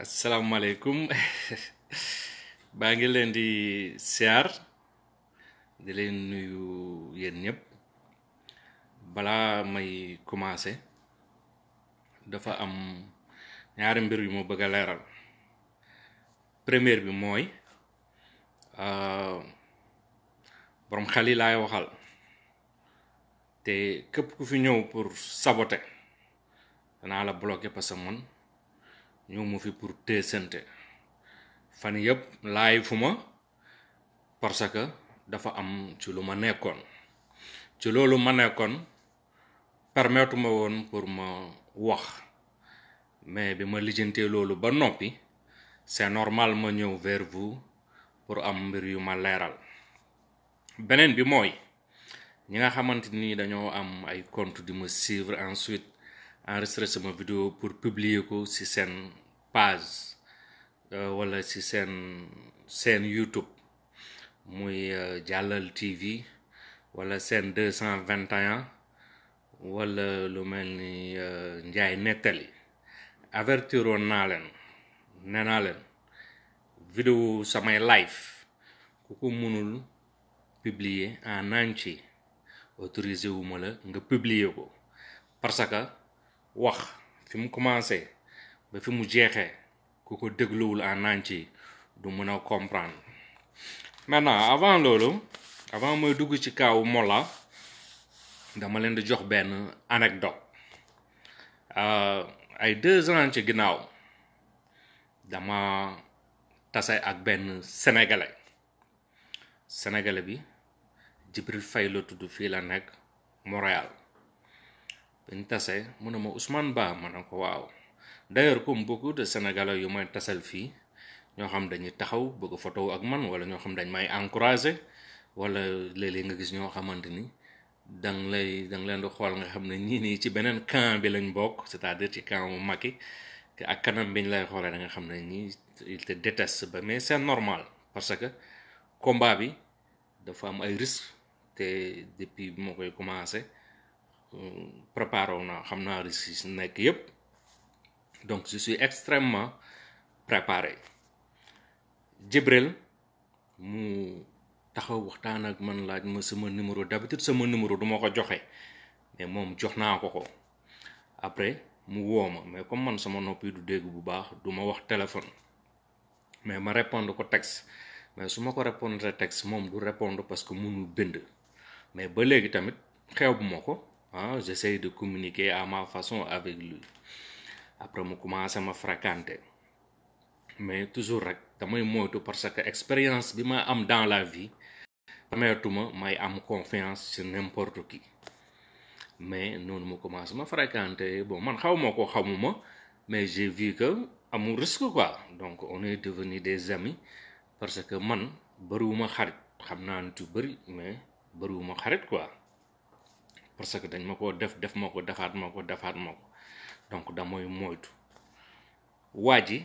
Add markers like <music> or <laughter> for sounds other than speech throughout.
asalaamaaleykum <laughs> baa ngi leen di siyaar di leen nuyu yéen ñëpp balaa may commencé dafa am ñaari mbir yu moo bëgg a leeral première bi mooy euh, boroom xel yi laay waxal te képp ku fi ñëw pour saboter danaa la bloqué parce que man. ñëw ma fi pour teesante fan yëpp laay fu ma parce que dafa am ci lu ma nekkoon ci loolu ma nekkoon permettre ma woon pour ma wax mais bi ma lijjantee loolu ba noppi c'est normal ma ñëw vers vous pour am mbir yu ma leeral beneen bi mooy ñi nga xamante ni dañoo am ay compte di ma suivre ensuite enregistré sama vidéo pour publier ko si seen page euh, walla si seen seen YouTube muy euh, Jàllal TV walla seen deux cent vingt et un walla lu mel ni euh, Njaay Nettali avertiroon naa leen nee naa leen samay live ku ko mënul publier en entier autorisé wu ma la nga publier ko parce que wax fi mu commencé ba fi mu jeexee ku ko dégluwul en entier du mën a comprendre maintenant avant loolu avant mooy dugg ci kaawu Mollah dama leen di jox benn anecdote euh, ay deux ans ci ginnaaw dama tase ak benn sénégalais sénégalais bi Djibril fay la tudd fii la nekk Montréal biñ tase mu ne ma Ousmane baa ma ne ko waaw d'ailleurs comme beaucoup de sénégalais yu may tasal fii ñoo xam dañuy taxaw bëgg photo ak man wala ñoo xam dañ may encourager wala léeg nga gis ñoo xamante ni dang lay dang leen di xool nga xam ne ñii nii ci beneen camp bi lañ bokk c'est-à-dire ci camp mu Macky ak kanam biñ lay xoolee da xam ne ñii il te déteste ba mais c'est normal parce que combat bi dafa am ay risques te depuis bi ma koy commencé. préparé wu naa xam naa risque yi si nekk yëpp donc je suis extrêmement préparé Jibril mu taxaw waxtaan ak man laaj ma sama numéro d'habitude sama numéro du ma ko joxe mais moom jox naa ko ko après mu woo mais comme man sama noppi du dégg bu baax du ma wax téléphone mais ma répondre ko texte mais su ma ko répondre texte moom du répondre parce que mënul bind mais ba léegi tamit xew bu ma ko. ah j'essaye de communiquer à ma façon avec lui après mu commencé ma fréquenter mais toujours rek damay moytu parce que expérience bi ma am dans la vie permetuma may am confiance ci n'importe qui mais noonu mu commencé ma fréquenter bon man xaw ma ko xamuma mais j'ai vie que amul risque quoi donc on est devenu des amis parce que man bëriwuma xarit xam naa nit yu bëri mais bëriwuma xarit quoi parce que dañ ma ko def def ma ko defaat ma ko defaat ma ko donc damay moytu waa ji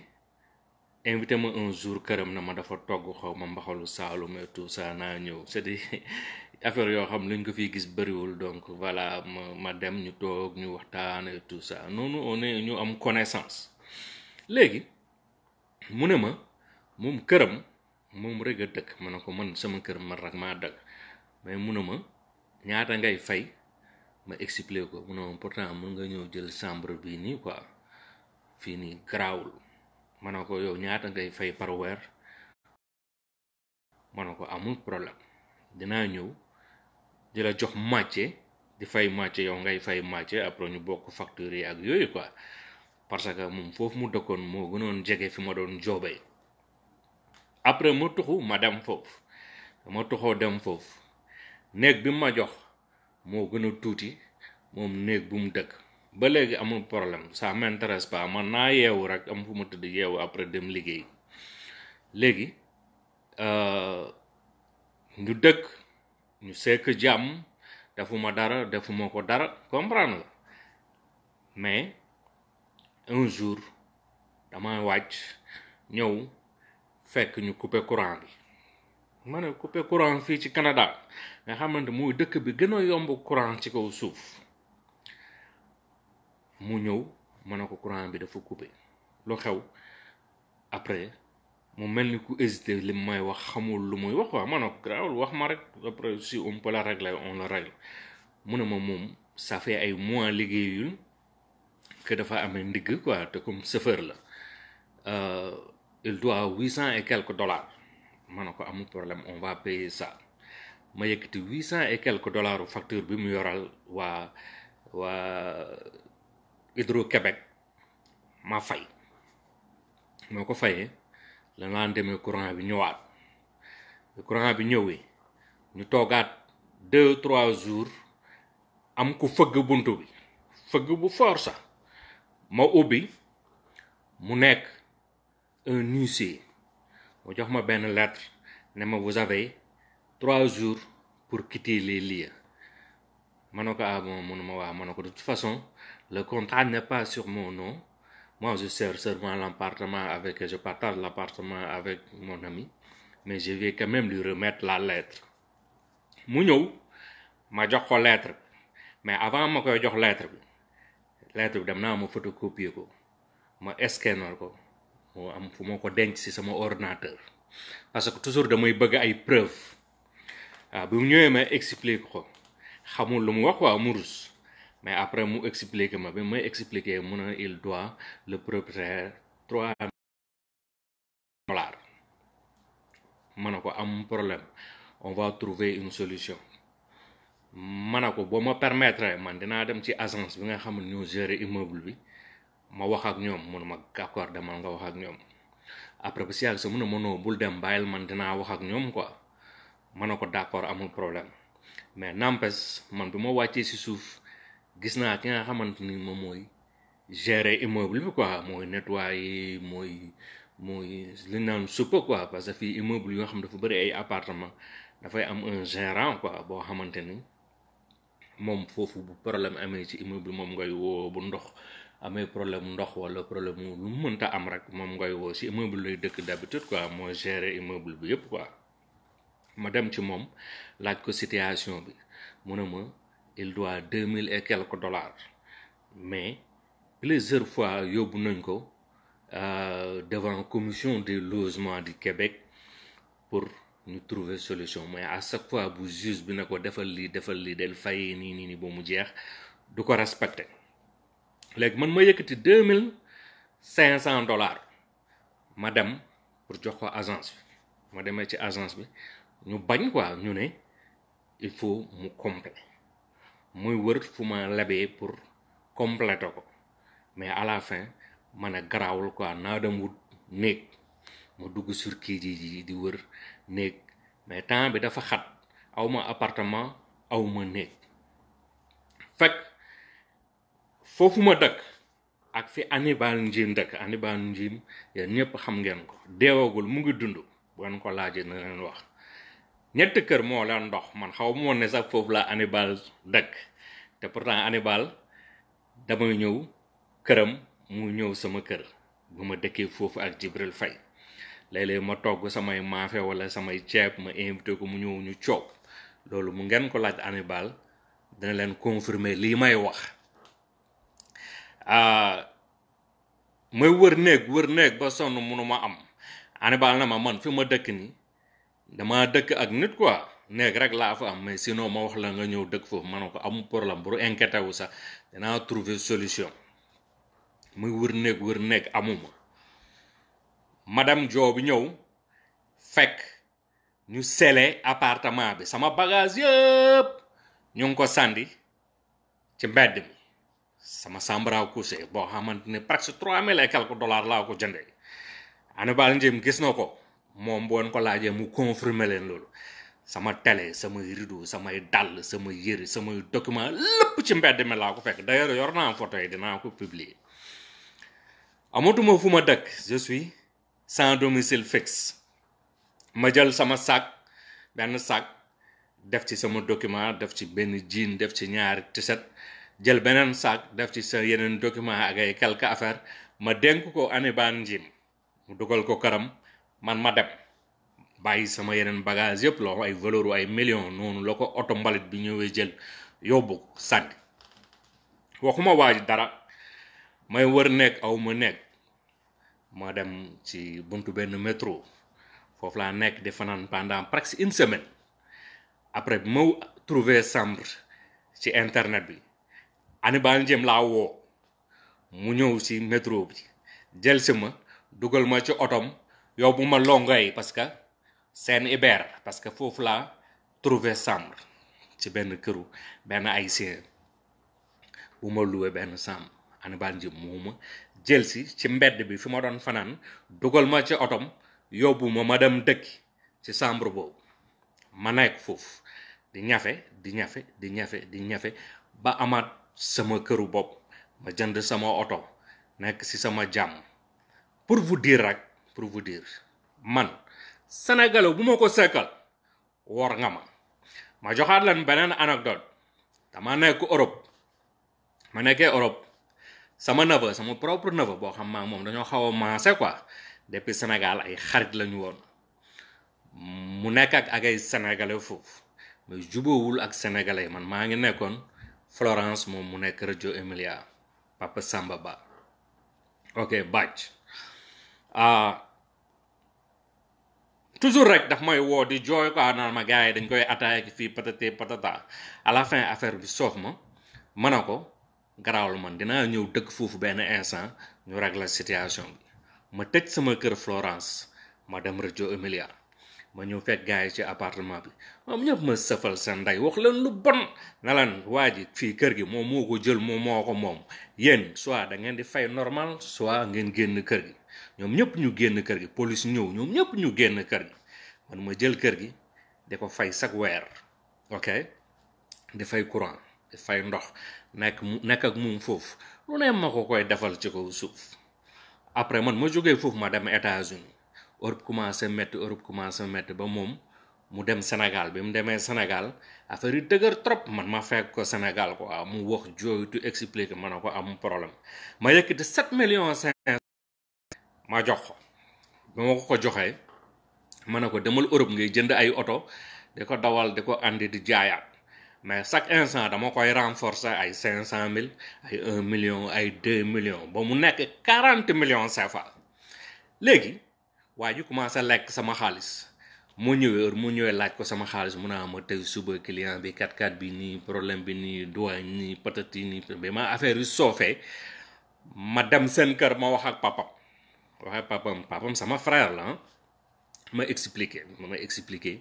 invité ma un jour këram na ma dafa togg xaw ma mbaxalu saalum et tout ça naa ñëw c'est des <laughs> affaires yoo xam luñ ko fiy gis bëriwul donc voilà ma ma dem ñu toog ñu waxtaan et tout ça noonu on est ñu am connaissance léegi mu ne ma moom këram moom rek a dëkk ma ne ko man sama kër man rek maa dëkk mais mu ma ñaata ngay fay ma expliqué ko mu ne moom pourtant mun nga ñëw jël chambre bii nii quoi fii nii garaawul ma ne ko yow ñaata ngay fay par weer ma ko amul problème dinaa ñëw di la jox moitié di fay màcce yow ngay fay moitié après ñu bokk facture yi ak yooyu quoi parce que moom foofu mu dëkkoon moo gënoon jege fi ma doon joobee après ma tuxu ma dem foofu ma tuxoo dem foofu néeg bi ma jox. moo gën a tuuti moom néeg bu mu dëkk ba léegi amul problème ça m'intéresse pas man naa yeewu rek am fu ma tëdd yeewu après dem liggéey léegi euh, ñu dëkk ñu sekk jàmm defuma dara defuma ko dara comprendre mais un jour damay wàcc ñëw fekk ñu couper courant bi ma ne coupé courant fii ci Canada nga xamante muy dëkk bi gën yomb courant ci kaw suuf mu ñëw ma ne ko courant bi dafa coupé lu xew après mu mel ni ku hésité li may wax xamul lu muy wax waaw ma ne ko garaawul wax ma rek après si on peut la régler on la règle mu ne ma moom ça fait ay mois liggéeyul que dafa amee ndigg quoi te comme chauffeur la euh, il doit huit cent et quelques dollars ma ne ko amul problème on va payer ça ma yëkkati huit cent et quelques dollars facture bi mu yoral waa waa Hydro-Québec ma fay moo ko fayee la naan demee courant bi ñëwaat courant bi ñëwee ñu toggaat deux trois jours am ku fëgg buntu bi fëgg bu force ma ubbi mu nekk un huissier mu jox ma benn lettre ne ma vous avez trois jours pour quitter les lieux ma ne ko ah bon mënuma ne ko de toute façon le contrat n'est pas sur mon nom moi je sers seulement l'appartement avec je partage l'appartement avec mon ami mais je vais quand même lui remettre la lettre mu ñëw ma jox ko lettre mais avant ma koy jox lettre bi lettre bi dem naa ma photocopier ko ma scanner ko moo am fu ma ko denc si sama ordinateur parce que toujours damay bëgg ay preuve waaw ah, bi mu ñëwee ma expliqué ko xamul lu mu wax waaw mais après mu expliqué ma bi may expliqué mu ne il doit le propriétaire trois dollars ma ne ko am problème on va trouver une solution man ne ko boo ma permettre man dinaa dem ci agence bi ngay xam ne ñoo immeuble bi ma wax ak ñoom mu ne ma d'accord demal nga wax ak ñoom après ba si yàgg sa mun a mënoo bul dem bàyyil man dinaa wax ak ñoom quoi ma ne ko d'accord amul problème mais n'empêche man bi ma wàccee si suuf gis naa ki nga xamante ni moom mooy gérer immeuble bi quoi mooy nettoyer mooy mooy li naan suppa quoi parce que fii immeuble yoo xam dafa bëri ay appartement dafay am un gérant quoi boo xamante ni moom foofu bu problème amee ci immeuble moom ngay woo bu ndox amee problème ndox wala problème mu lu mu mënta am rek moom ngay woo si immeuble lay dëkk d'habitude quoi moo gérer immeuble bi yëpp ko ma dem ci moom laaj ko situation bi mu ne ma il doit deux mille et quelques dollars mais plusieurs fois yóbbu nañ ko euh, devant commission des logements du Québec pour ñu trouver solution mais à chaque fois bu juge bi na ko defal lii defal lii del fayee nii nii nii ba mu jeex du ko respecté. léegi man ma yëkkati deux mille cinq cent dollars ma dem pour jox ko agence bi ma demee ci agence bi ñu bañ quoi ñu ne il faut mu complet mooy wër fu ma lebee pour complété ko mais à la fin ma a garaawul quoi naa dem wut néeg ma dugg sur kii ji di wër néeg mais temps bi dafa xat awma appartement awma néeg fekk foofu ma dëkk ak fi Hannibal Njim dëkk Hannibal Njim yéen ñëpp xam ngeen ko deewagul mu ngi dund bu ngeen ko laajee na leen wax ñetti kër moo ndox man xaw ma woon sax foofu la Hannibal dëkk te pourtant Hannibal damay ñëw këram mu ñëw sama kër ma dëkkee foofu ak Jibril Faye ma togg samay maafe wala samay ceeb ma invité ko mu ñëw ñu loolu mu ngeen ko laaj Hannibal dana leen confirmer lii may wax Ah, may wër néeg wër néeg ba sonn munu ma am ani baal na ma man fi ma dëkk nii dama dëkk ak nit ko néeg rek laa fa am mais sinon ma wax la nga ñëw dëkk foofu ma ne ko amul problème bu inquiété wu sax dinaa trouver solution muy wër néeg wër néeg amuma madame Diop ñëw fekk ñu sele appartement bi sama bagage yëpp ñu ngi ko sandi ci mbedd mi sama sambra couché boo xamante ne presque trois mille et quelques dollars laa ko jëndee Hannibal Djim gis na ko moom bu woon ko laajee mu confirmer leen loolu sama tele sama rideau samay dàll samay yëre samay document lépp ci mbedd mi laa ko fekk d'ailleurs yor naa photo yi dinaa ko publier amatuma fu ma dëkk je suis sans domicile ma jël sama sac benn sac def ci sama document def ci benn jiin def ci ñaari t jël beneen sac def ci sa yeneen document ak ay quelques affaires ma dénk ko Anibal Ndim mu dugal ko këram man ma dem bàyyi sama yeneen bagage yëpp loo ay valeur ay million noonu la ko oto mbalit bi ñëwee jël yóbbu sànni waxuma waaj dara may wër nekk aw ma nekk ma dem ci buntu benn métro foofu laa nekk di fanaan pendant presque une semaine après bi ma trouvé chambre ci internet bi ani baa njëm laa woo mu ñëw si métro bi jël si ma dugal ma ci otoom yóbbu ma Longueuil parce que seen Iber parce que foofu laa trouvé chambre ci benn këru benn haïtien bu ma loué benn chambre ani baa njëm moo ma jël si ci mbedd bi fi ma doon fanaan dugal ma ci otoom yóbbu ma ma dem dëkki ci chambre boobu ma nekk foofu di ñafe di ñafe di ñafe di ñafe ba amaat sama këru bopp ma jënd sama oto nekk ci sama jàmm pour vous diir rek pour vous diir man sénégalais bu ma ko sekkal wor nga ma ma joxaat leen beneen anecdote dama nekk Europe ma nekkee Europe sama neveu sama propre neveu boo xam maa moom dañoo xaw a maase quoi depuis Sénégal ay xarit lañu woon mu nekk ak ak ay sénégalais foofu mais jubóowul ak sénégalais man maa ngi nekkoon Florence moom mu nekk rajo Emilia Papa Samba Ba ok bàcc ah, toujours rek daf may woo di jooy ko naan ma gars yi dañ koy attaqué fii patate patata à affaire bi soof ma mën a ko garaawul man dinaa ñëw dëkk foofu benn instant ñu régler situation bi ma tëj sama kër Florence ma dem rajo Emilia ma ñëw fekk gars yi ci appartement bi moom ñëpp ma sëfal sa ndey wax la lu bon na lan waa ji fii kër gi moom moo ko jël moom moo ko moom yéen soit da ngeen di fay normal soit ngeen génn kër gi ñoom ñëpp ñu génn kër gi police ñëw ñoom ñëpp ñu génn kër gi man ma jël kër gi di ko fay chaque weer ok di fay courant di fay ndox nekk mu nekk ak moom foofu lu ne ma ko koy defal ci kaw suuf après man ma jógee foofu ma dem États-Unis Europe commencé métti Europe commencé métti ba moom mu dem Sénégal bi mu demee Sénégal affaire yi dëgër trop man ma fekk ko Sénégal ko waaw mu wax jooytu expliqué man ne ko am problème ma yëkkati 7 millions cinq ma jox ko ba ma ko ko joxee ma ne ko demal Europe ngay jënd ay oto di ko dawal di ko andi di jaayaat mais chaque instant dama koy renforcer ay cinq cent mille ay un million ay deux millions ba mu nekk quarante millions CFA léegi waa ji commencé lekk sama xaalis moo ñëwee mu moo ñëwee laaj ko sama xaalis mun a ah, ma tey suba client bi kat 4 bi nii problème bi nii doyen nii patati nii ba ma affaire yu soofee ma dem seen kër ma wax ak papam wax ak papam sama frère la ah. ma expliqué ma ma expliqué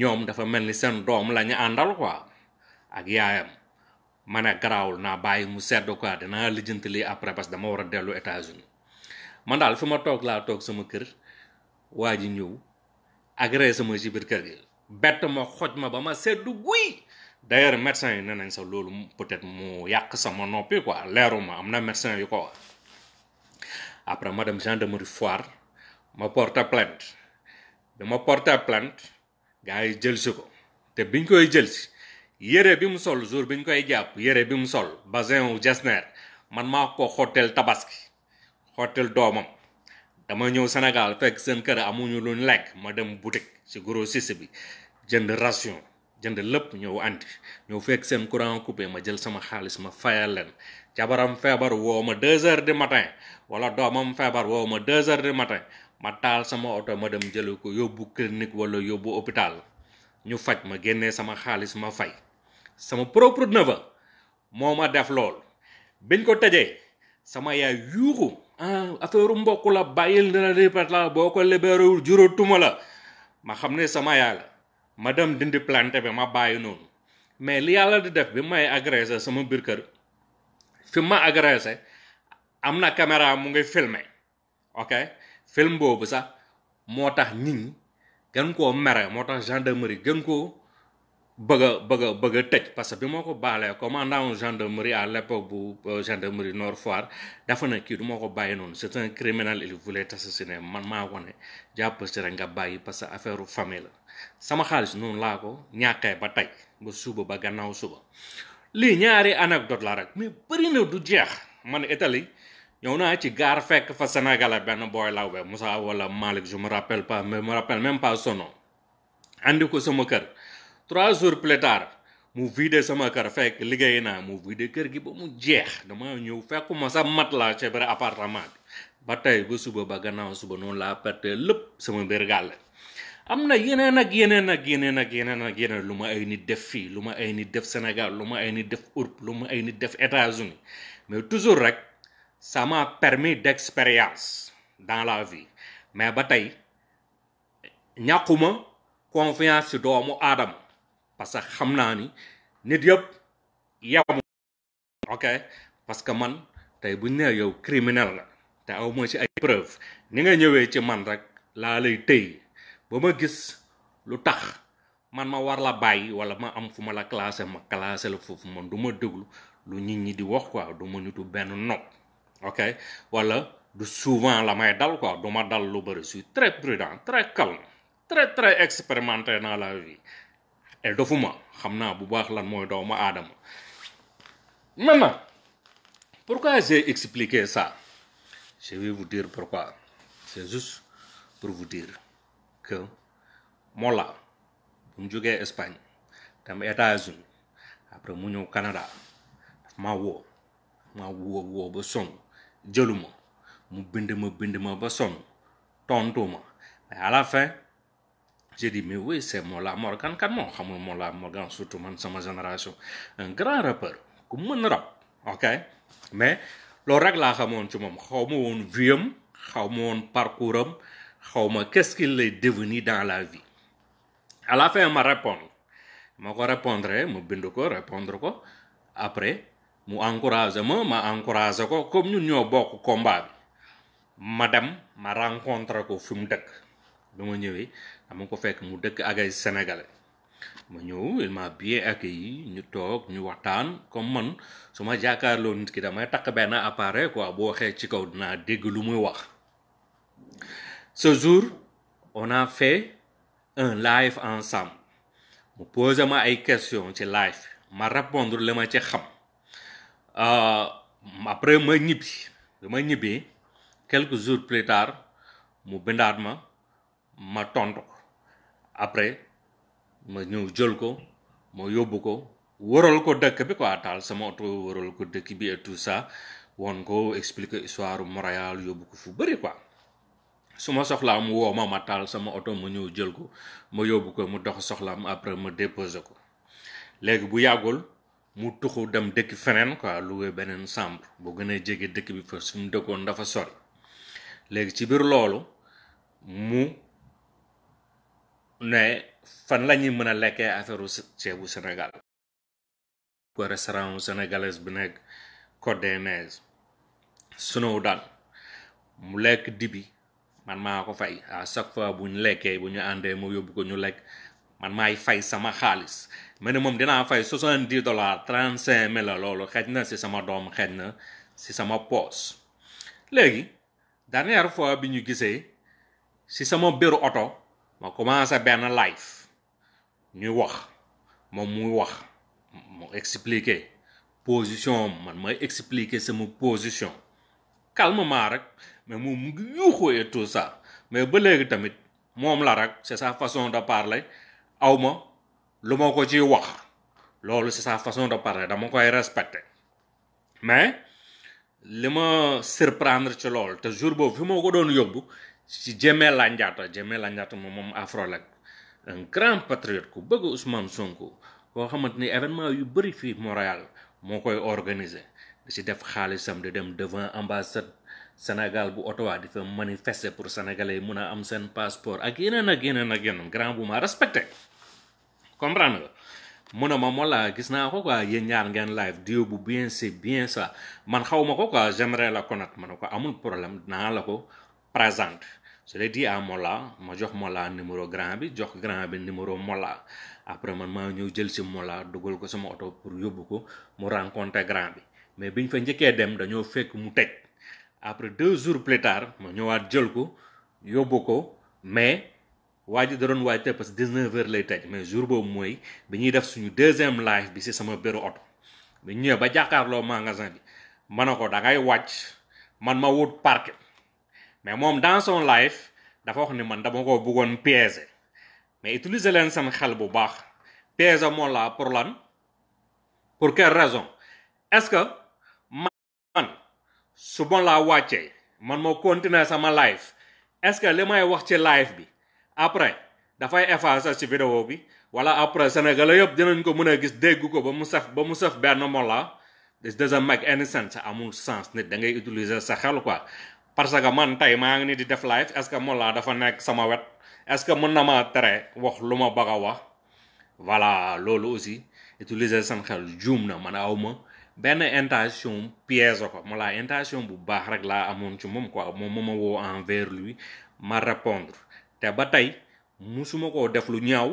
ñoom dafa mel ni seen doom la ñu àndal quoi ak yaayam ma ne garaawul naa bàyyi mu sedd quoi dinaa lijjanti lii après parce que dama war a dellu États-Unis man daal fi ma toog laa toog sama kër. waa ji ñëw agressé sama ci biir kër gi bett ma xoj ma ba ma seddu guy d'ailleurs médecin yi ne nañ sax loolu peut-être mu yàq sama noppi ko leeru ma am na médecin yu ko wax après ma dem gendarmerie foire ma porte plainte bi ma porte plainte gars yi jël si ko te biñ koy jël si yére bi mu sol jour biñ koy jàpp yére bi mu sol basin wu jasner man maa ko xoteel tabaski xoteel doomam dama ñëw Sénégal fekk seen kër amuñu luñ lekk ma dem boutique si grossiste bi jënd ration jënd lépp ñëw andi ñëw fekk seen courant coupé ma jël sama xaalis ma fayal leen jabaram feebar woo ma deux heures du matin wala doomam feebar woo ma deux heures du matin ma taal sama oto ma dem jëli ko yóbbu clinique wala yóbbu hôpital ñu faj ma génnee sama xaalis ma fay sama propre neveu moo ma def lool biñ ko tëjee sama yaay yuuxu ah affaire mbokk la bàyyil dina répète la boo ko libérewul juróotuma la ma xam ne sama yàlla ma dem dindi plante bi ma bàyyi noonu mais li yàlla di def bi may agressé sama biir kër ma agressé am na caméra mu ngi filmé ok film boobu sax moo tax nit ñi gën koo mere moo tax gendarmerie gën koo bëgg a bëgg a bëgg parce que bi moo ko baalee commandant gendarmerie à l'époque bu euh, gendarmerie Nord Foire dafa kii du moo ko bàyyi noonu c'est un criminel il voulait assassiner man maa ko ne jàpp si rek nga bàyyi parce que affaire famille la sama xaalis noonu laa ko ñàkkee ba tey ba suuba ba gannaaw suba lii ñaari anecdote la rek mais bëri na du jeex man Italie ñëw naa ci gaar fekk fa Sénégalais benn booy lawbe Moussa wala Malick je me rappelle pas mais me pas son nom ko sama kër trois jours plus tard mu vidé sama kër fekk liggéey naa mu vidé kër gi ba mu jeex dama ñëw fekkuma sa mat laa ci biir appartement ba tey ba suba ba gannaaw suba noonu laa perte lépp sama biir am na yeneen ak yeneen nag yeneen nag yeneen ak yeneen lu ma ay nit def fii lu ma ay nit def Sénégal lu ma ay nit def Europe lu ma ay nit def États-Unis mais toujours rek sama m'a permis d'expérience dans la vie mais ba tey ñàkkuma confiance ci doomu aadama parce que xam naa ni nit yëpp yamu ok parce que man tey buñ nee yow criminel la te aw ma ci ay preuve ni nga ñëwee ci man rek laa lay tëy ba ma gis lu tax man ma war la bàyyi wala ma am fu ma la classé ma classé la foofu man du ma déglu lu nit ñi di wax quoi du ma nitu benn nopp ok wala du souvent la may dal quoi du ma dal lu bëri je suis très prudent très calme très très expérimenté dans la vie te eh, dofuma xam naa bu baax lan mooy doomu aadama maintenant pourquoi j'ai expliqué ça je vais vous dire pourquoi c'est juste pour vous dire que Mollah bu mu jógee Espagne dem États-Unis après mu ñëw Canada daf woo maa woo ba sonn jëluma mu bind ma bind ma ba sonn tontu ma mais à j'ai dit mais oui c'est Mollah Morgan kan moo xamul Mollah Morgan surtout man sama génération un grand rappeur ku mën rap ok mais loolu rek laa xamoon ci moom xaw ma woon vie am xaw ma woon parcours am xaw ma qu'est-ce qu'il est devenu dans la vie à la fin ma répondre ma ko répondre ma bind ko répondre ko après mu encouragé ma ma encouragé ko comme ñun ñoo bokk combat bi ma dem ma rencontre ko fi mu dëkk bi ma ñëwee am dama ko fekk mu dëkk ak ay sénégalais ma ñëw il m'a bien accueilli ñu toog ñu waxtaan comme man su ma jàkkaarloo nit ki damay takk benn appareil quoi boo waxee ci kaw dinaa dégg lu muy wax ce jour on a fait un live ensemble mu posé ma ay question ci live ma répondre li ma ci xam euh, après ma ñibbi li ma ñibbee quelques jours plus tard mu bindaat ma ma tonto après ma ñëw jël ko ma yóbbu ko waral ko dëkk bi quoi taal sama oto waral ko dëkk bi et tout ça woon ko explique histoire Montréal yóbbu ko fu bëri quoi su ma soxlaa mu woo ma ma sama oto ma ñëw jël ko ma yóbbu ko mu dox soxlaam après ma déposé ko léegi bu yàggul mu tuxu dem dëkk feneen quoi loué beneen chambre boo gën a jege dëkk bi fa su mu dëkkoon dafa sori léegi ci biir loolu mu. ne fan la ñuy mën a lekkee affaireu ceebu Sénégal ko restaurant nekk Côte d'Ivoire sunow mu lekk dibi man maa ko fay à chaque fois bu ñu lekkee bu ñu àndee mu yóbbu ko ñu lekk man maay fay sama xaalis ma ne moom dinaa fay soixante di dollars trente-cinq mille la loolu xeej na ci sama doom xeej na ci sama poos léegi dernière fois bi ñu gisee ci sama béru oto ma commencé benn live ñu wax moom mu wax mu expliquer position man may expliquer sama position calmement rek mais moom mu ngi yuuxoo et tout ça mais ba léegi tamit moom la rek c'est sa façon de parler aw ma lu ma ko ciy wax loolu c'est sa façon de parler dama koy respecter mais li ma surprendre ci lool te jour boobu fi moo ko doon yóbbu si ci Jemé Landiatta Jemé Landiatta moom moom Afrolac un grand patriote ku bëgg Ousmane Sonko koo xamante ni événement yu bëri fii Montréal moo koy organiser di si def xaalisam di dem devant ambassade Sénégal bu Ottawa di fa manifester pour sénégalais mun a am seen passeport ak yeneen ak yeneen ak yeneen grand bu ma respecté comprendre mu ne ma Mollah gis naa ko quoi yéen ñaar ngeen live duo bu bien c'est bien ça man xaw ma ko quoi j'aimerais la connaître ma ne ko amul problème naa la ko présente je l'ai di à Mollah ma jox Mollah numéro grand bi jox grand bi numéro Mollah après man maa ñëw jël si Mollah dugal ko sama oto pour yóbbu ko mu rencontré grand bi mais biñ fa njëkkee dem dañoo fekk mu teg après deux jours plus tard ma ñëwaat jël ko yóbbu ko mais. waa ji da doon waaj parce que 19h lay tëj mais jour boobu mooy bi ñuy def suñu deuxième live bi si sama bureau oto bi ñëwee ba jàkkaarloo magasin bi ma ne ko da ngay wàcc man ma wut parquet mais moom dans son live dafa wax ni man dama ko bëggoon piéger mais utiliser leen seen xel bu baax piéger moo la pour lan pour quelle raison est-ce que man su ma laa wàccee man ma continuer sama live est-ce que li may wax ci live bi. après dafay effacer ci vidéo bi wala après sénégalais yëpp dinañ ko mun a gis dégg ko ba mu saf ba mu saf benn mola this doesn't make any sense amul sens nit da ngay utiliser sa xel quoi parce que man tey maa ngi ni di def live est ce que mola dafa nekk sama wet est ce que mën na maa tere wax lu ma bëgg a wax voilà loolu aussi utiliser seen xel juum na man aw ma benn intention piège ko mola intention bu baax rek laa amoon ci moom quoi moom ma woo envers lui ma répondre te ba tey musuma koo def lu ñaaw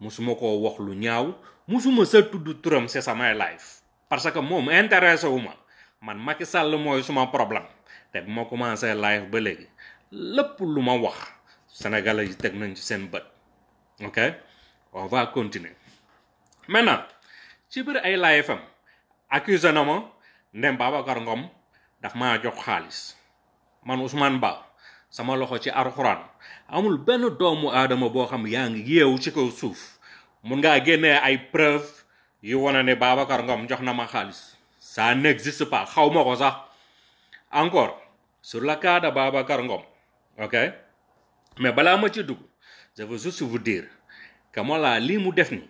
musuma koo wax lu ñaaw musuma sa tudd turam ci samay life parce que moom intéressé wu ma man Macky Sall mooy suma problème te bi ma commencé live ba léegi lépp lu ma wax sénégalais yi teg nañ ci seen bët ok on va continuer maintenant ci biir ay live am accusé na ma Ndem Babacar Ngom daf maa jox xaalis man Ousmane Ba sama loxo ci alxuraan amul benn doomu aadama boo xam yaa ngi yeewu ci kaw suuf mun ngaa génnee ay preuve yu wane ne Babacar Ngom jox na ma xaalis ça n'existe pas xaw ma ko sax encore sur le cas de Babacar Ngom ok mais balaa ma ci dugg je veux juste vous dire que Mollah lii mu def ni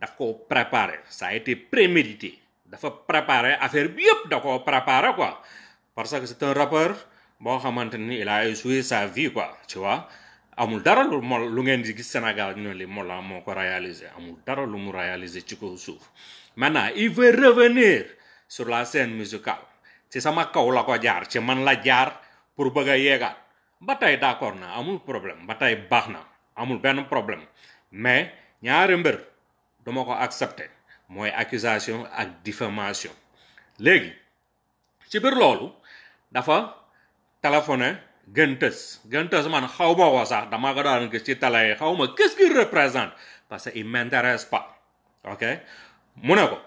daf koo préparé ça a été prémédité dafa préparé affaire bi yëpp da koo préparé quoi parce que c'est un rappeur boo xamante ni il a joué e sa vie quoi tu vois amul dara lu mo lu ngeen di gis Sénégal ñu li Mollah moo ko réalisé amul dara lu mu réalisé ci ko suuf maintenant il veut revenir sur la scène musicale ci sama kaw la ko jaar ci man la jaar pour bëgg a yeegaat ba tey d'accord na amul problème ba tey baax na amul benn problème mais ñaari mbir duma ko accepter mooy accusation ak diffamation léegi ci biir loolu dafa téléphone gën tës gën tës man xaw ma ko dama ko daan gis ci télé yi xaw ma qu'est-ce représente parce que il m'intéresse pas ok mu ne ko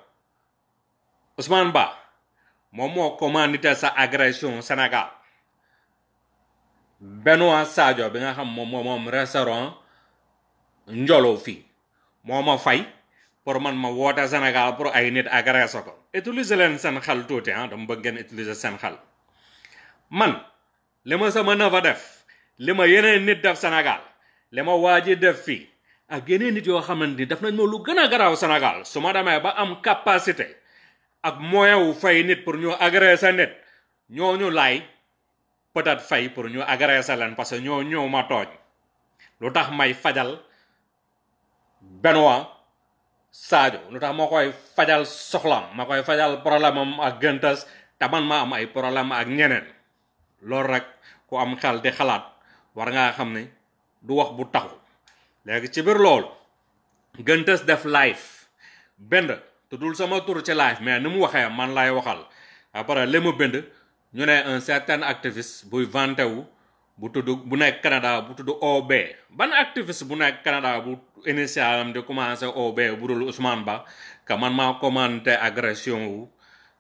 Ousmane Ba moom moo commandité sa agression Sénégal Benoît Sadio bi nga xam moom moom moom restaurant Njolo fii moo ma fay pour man ma woote Sénégal pour ay nit agressé ko utiliser leen seen xel tuuti ah dama bëgg ngeen seen xel man li ma sama na nafa def li ma yeneen nit def senegal li ma waa def fii ak yeneen nit yoo xamante ni def nañ ma lu gën a garaaw Sénégal su ma demee ba am capacité ak moyen wu fay nit pour ñu agresser nit ñooñu laay peut-être fay pour ñu agresser leen parce que ñoo ñëw ma tooñ lu tax may fajal Benoît Sadio lu tax ma koy fajal soxlam ma koy fajal problème am ak gëntas te man ma am ay problème ak ñeneen loolu rek ku am xel di xalaat war ngaa xam ne du wax bu taxu léegi ci biir lool gëntës def live bind dul sama tur ci live mais ni mu waxee man lay waxal après li mu bind ñu ne un certain activiste buy vanté wu bu tudd bu nekk Canada bu tudd OB ban activiste bu nekk Canada bu initialam di commencé OB bu dul Ousmane Ba que man maa commenté agression wu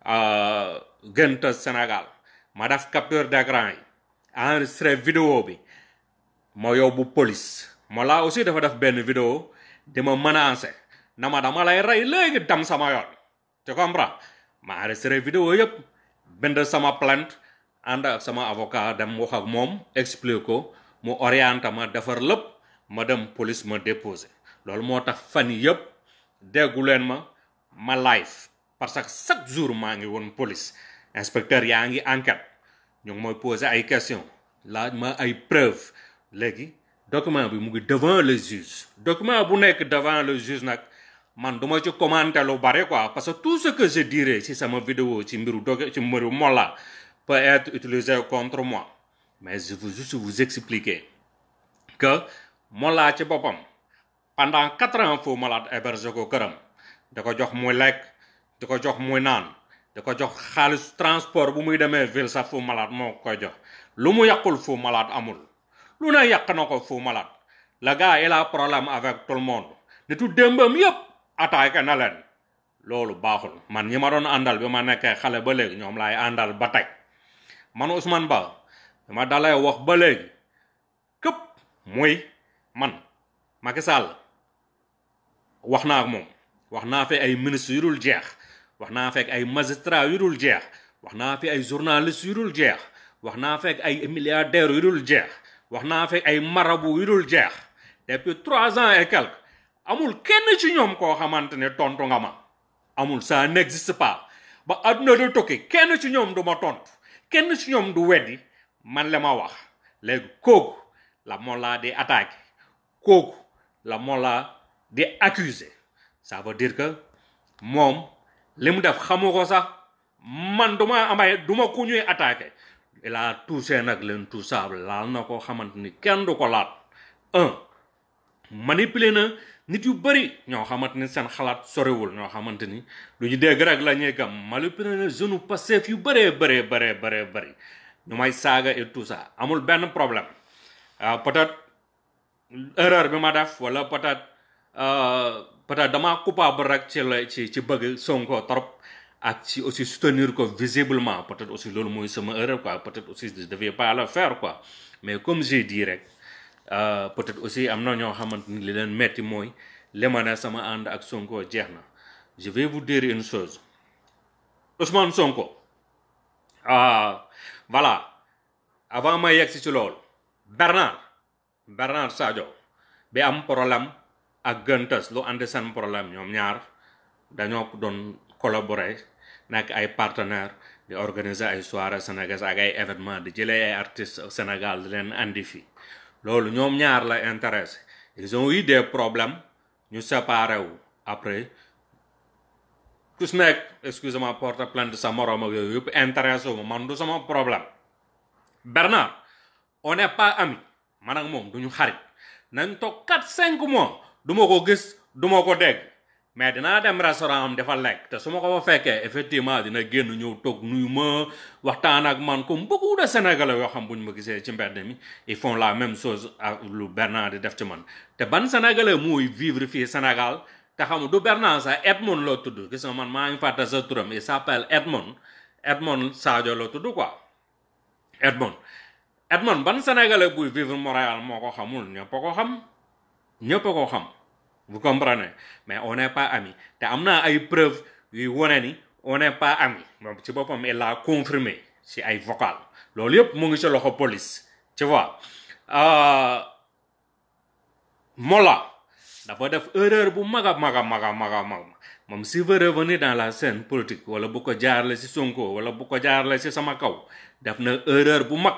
euh, gëntës Sénégal ma def capture d'écran yi enregistré vidéo bi ma bu police ma laa aussi dafa def benn vidéo di ma menacer na ma dama lay rey léegi dam sama yoon te comprends ma enregistré vidéo yëpp bind sama plainte ànd ak sama avocat dem wax ak moom explique ko mu orienté ma defar lépp ma dem police ma déposé loolu moo tax fan yii yëpp déggu leen ma ma live par que chaque jour maa ngi woon police inspecteur yaa ngi enquête ñu ngi mooy poser ay question laaj ma ay preuve léegi document bi mu ngi devant le juge document bu nekk devant le juge nag man du ma ci commenter lu bari quoi parce que tout ce que je dirai ci sama vidéo ci mbiru doge ci mbiru Mollah peut être utilisé contre moi mais je veux juste vous expliquer que Mollah ci boppam pendant quatre ans Faux Malade hébergé ko këram da ko jox muy lekk da ko jox mooy naan da ko jox xaalis transport bu muy demee ville sax Fou Malade moo koy jox lu mu yàqul Fou malaat amul lu ne yàq na ko Fou Malade la gars il a problème avec tout le monde nitu démbam yépp attaqué na loolu baaxul man ñi ma doon àndal bi ma nekkee xale ba léegi ñoom laay àndal ba teg man Ousmane Ba ma dalay wax ba léegi képp muy man Macky Sall wax naa moom wax naa fi ay ministres yu dul jeex wax naa fekk ay magistrat yu dul jeex wax naa fi ay journaliste yu dul jeex wax naa fekk ay milliardaires yu dul jeex wax naa fekk ay marabu yu dul jeex depuis trois ans et quelque amul kenn ci ñoom koo xamante ne tontu nga ma amul ça n'existe pas ba adduna du tukki kenn ci ñoom du ma tontu kenn ci ñoom du weddi man la ma wax léegi kooku la Mollah de attaque kooku la Mollah di accusé ça veut dire que moom li mu def xamu ko sax man duma ma duma du ma ku ñuy attaqué il a touché nag leen touchable laal na ko xamante ni kenn du ko laat un manipuler na nit yu bëri ñoo xamante ni seen xalaat sorewul ñoo xamante ni lu ñu dégg rek la ñuy gam manipuler na jeune Pastef yu bëree bëree bëree bëree bëri ñu may saaga et tout ça amul benn problème euh, peut-être bi ma def wala peut parce que damaa coupable rek ci la ci ci trop ak si aussi soutenir ko visiblement peut-être aussi loolu mooy sama erreur quoi peut-être aussi je devais pas le faire quoi mais comme j'ai dit rek euh, peut-être aussi am na ñoo xamante ni li leen metti mooy li ma ne sama ànd ak Sonko jeex na je vais vous dire une chose Ousmane Sonko ah voilà avant ma yegg si ci lool Bernard Bernard Sadio bi am problème. ak Gëntas lu andi seen problème ñoom ñaar dañoo doon collaborer nak ay partenaires di organiser ay soirées sénégalaises ak ay événements di jëlee ay artistes Sénégal di leen andi fii loolu ñoom ñaar la intéressé ils ont eu des problèmes ñu séparé wu après ku si nekk excusez-moi porte plainte sa moroom ak yooyu yëpp intéressé wu man du sama problème Bernard on n'est pas amis man moom du ñu xarit nañ toog 4 5 mois. du ma ko gis du ma ko dégg mais dinaa dem restaurant am dafa lekk te su ma ko fa fekkee effectivement dina génn ñëw toog nuyu ma waxtaan ak man comme beaucoup de sénégalais yoo xam bu ñu ma gisee ci mbedd mi ils font la même chose lu Bernard di def ci man te ban sénégalais mu vivre fii Sénégal te xam du Bernard sax Edmond loo tudd gis nga man maa ngi fàtte sa turam il s'appelle Edmond Edmond Sadio loo tudd quoi Edmond Edmond ban sénégalais buy vivre Montréal moo ko xamul ñëpp ko xam. ñépp a ko xam vous comprenez mais on n'est pas amis te am naa ay preuve yuy wane ni on n'est pas amis moom ci boppam il l'a confirmé ci ay vocal loolu yépp mu ngi ci loxo police tu vois euh, Mollah dafa def erreur bu mag a mag a mag a mag a moom si veut revenir dans la scène politique wala bu ko jaarale si Sonko wala bu ko jaarale si sama kaw def na erreur bu mag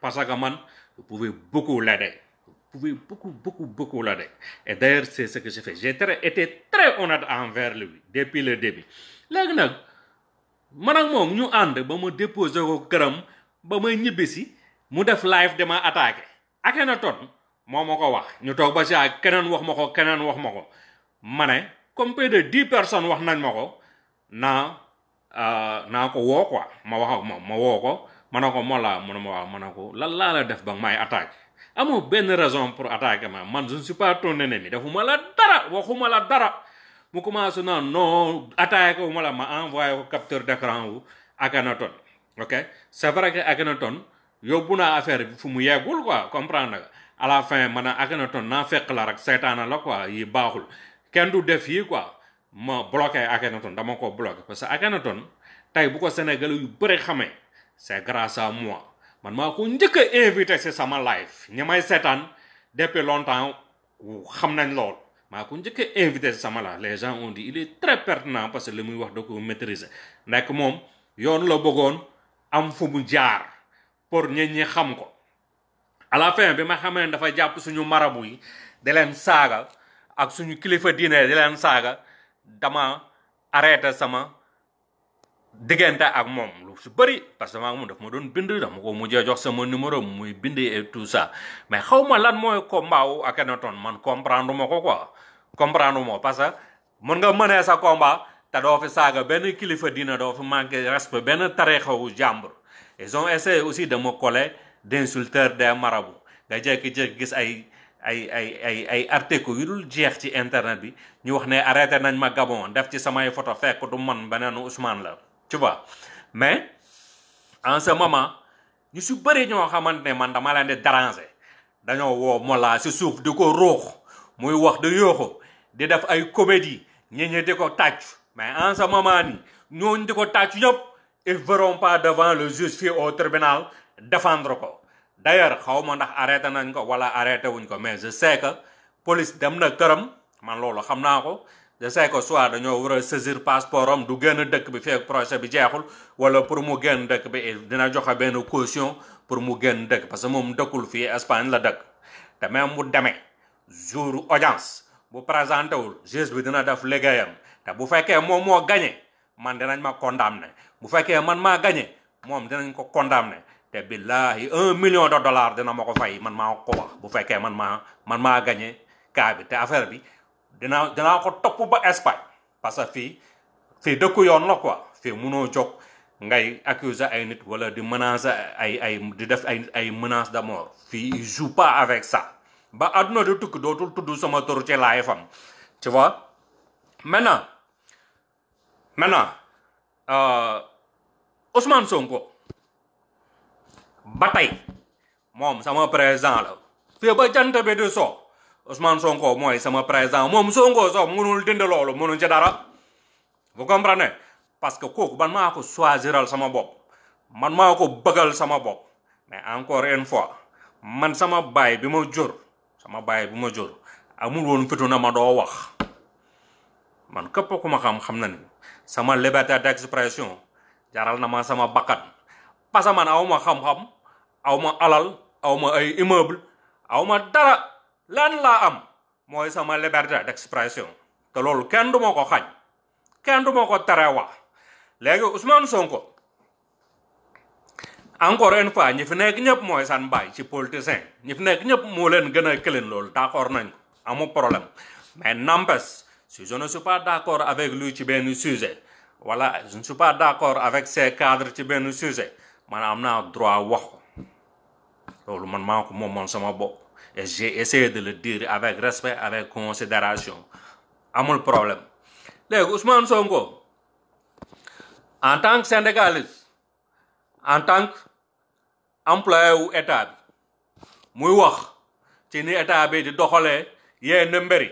parce man vous pouvez beaucoup l'aider pouvez beaucoup, beaucoup, beaucoup l'aider. de e c'est ce que j'ai fait. J'ai été très honnête envers lui depuis le début. léegi nag man ak moom ñu ànd ba ma déposé ko këram ba may ñibbisi mu def live dama attaqué. Akhenaton moo ma ko wax ñu toog ba si ak keneen wax ma ko keneen wax ma ko ma ne comme de dix personnes wax nañ ma ko naa euh, naa ko woo quoi ma wax ak ma woo ko ma ne ko moo laa mun ma wax ma ne ko lan laa la def ba may attaqué. amoo benn raison pour attaquer ma man je ne suis pas ton ennemi la dara waxuma la dara mu commencé naan non attaqué ma la ma envoyé ko capteur d'écran wu Akhenaton ok c'est vrai que Akhenaton yóbbu naa affaire bi fu mu yegul quoi comprendre nga la fin man Akhenaton naa fekk la rek seytaana la quoi yi baaxul kenn du def yi quoi ma bloqué Akhenaton dama ko que Akhenaton tey bu ko Sénégalais yu bëri xamee c'est grâce à moi. man maa ko njëkk a si sama live ñi may seetaan depuis longtemps xam nañ lool maa ku njëkk a si sama live les gens ont dit il est très pertinent parce que li muy wax da ko maîtriser nekk moom yoon la bëggoon am fu mu jaar pour ñi ñi xam ko à la fin bi ma xamee ne dafa jàpp suñu marabu yi di leen saaga ak suñu kilifa diine di leen saaga dama arrêté sama diggante ak moom lu su bëri parce que maa ngi mun daf ma doon bind dama ko mujjee jox sama numéro muy bind et tout ça mais xaw ma lan mooy combat wu man comprendre ma ko quoi comprendre moo parce que mën nga mënee sa combat te doo fi saaga benn kilifa dina doo fi manqué respect benn tareexawu jàmbur ils ont aussi dama me coller d'insulteur de marabouts nga jékki-jékki gis ay ay ay ay ay article yu dul jeex ci internet bi ñu wax ne arrêté nañ ma Gabon def ci samay photo fekk du man beneen Ousmane la tu vois mais en ce moment ñu si bëri ñoo xamante ne man dama leen di déranger dañoo woo Mollah si suuf di ko ruux muy wax di yooxu di def ay comédie ñi ñi di ko tàcc mais en ce moment ni ñooñu di ko tàcc ñëpp ils verront pas devant le juge fii au tribunal défendre ko d'ailleurs xaw ma ndax arrêté nañ ko wala arrêté wuñ ko mais je sais que police dem na këram man loolu xam naa ko de say ko soit dañoo war a saisir passeport am du génn dëkk bi fekk projet bi jeexul wala pour mu génn dëkk bi dina joxe benn caution pour mu génn dëkk parce que moom dëkkul fii Espagne la dëkk te même mu demee jour audience bu présenté wul juge bi dina def liggéeyam te bu fekkee moom moo gañe man dinañ ma condamné bu fekkee man maa gagné moom dinañ ko condamné te billahi un million de dollars dina ma ko fay man maa ko wax bu fekkee man maa man maa gagné bi te affaire bi. dinaa dinaa ko topp ba Espagne parce que fii fii dëkku yoon la ko fii munoo jóg ngay accuser ay nit wala di menacer ay ay di def ay ay menace de mort fii il pas avec ça ba àdduna di tukki dootul tudd sama tur ci laay fam tu vois maintenant maintenant euh, Ousmane Sonko ba tey moom sama président la fii ba jant bi di so Ousmane Sonko mooy sama président moom Sonko sax mënul dindi loolu mënul ci dara vous comprenez parce que ko man maa ko choisiral sama bopp man maa ko bëggal sama bopp mais encore une fois man sama baay bi ma jur sama baay bi ma jur amul woon fitu na ma doo wax man képp ku ma xam xam na ni sama liberté d'expression jaral na ma sama bakkat parce que man aw ma xam-xam aw ma alal aw ma ay immeuble aw dara lenn laa am mooy sama liberté d'expression te loolu kenn du ma ko xañ kenn du ma ko tere wax léegi Ousmane Sonko encore une fois ñi fi nekk ñëpp mooy san baay ci politicien ñi fi nekk ñëpp moo leen gën a këlin loolu d'accord nañ amu problème mais n'empêche si je ne suis pas d'accord avec lui ci benn sujet wala je ne suis pas d'accord avec ses cadres ci benn sujet man am naa droit wax ko loolu man maa moom moom sama bopp et de le dire avec respect avec considération amul problème léegi Ousmane Sonko en tant que syndicaliste en tant que wu état muy wax ci ni état bi di doxalee yee mbëri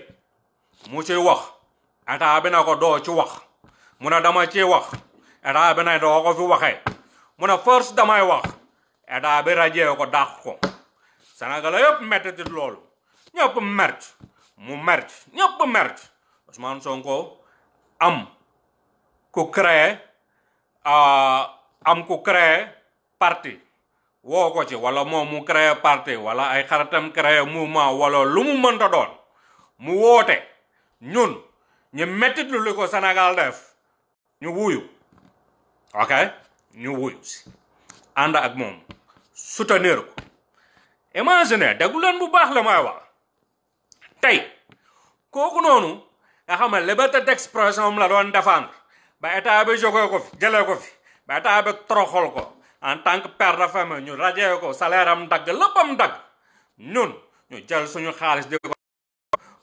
mu ciy wax état bi na ko doo ci wax mu na dama ciy wax état bi na doo ko fi waxee mu ne force damay wax état bi rajee ko dàq ko Sénégal yëpp métti ci loolu ñëpp merci mu merci ñëpp merci Ousmane Sonko am ku créé am ku créé parti woo ko ci wala moomu mu créé parti wala ay xaritam créé mouvement wala lu mu mënta doon mu woote ñun ñu métti lu ko Sénégal def ñu wuyu ok ñu wuyu si ak moom soutenir ko imagine déglu leen bu baax la may wax tey kooku noonu nga xam ne liberté mu la doon défendre ba état bi jógee ko fi jëlee ko fi ba état bi toroxal ko en tant que père de famille ñu rajee ko salaire dagg léppam dagg ñun ñu jël suñu xaalis di ko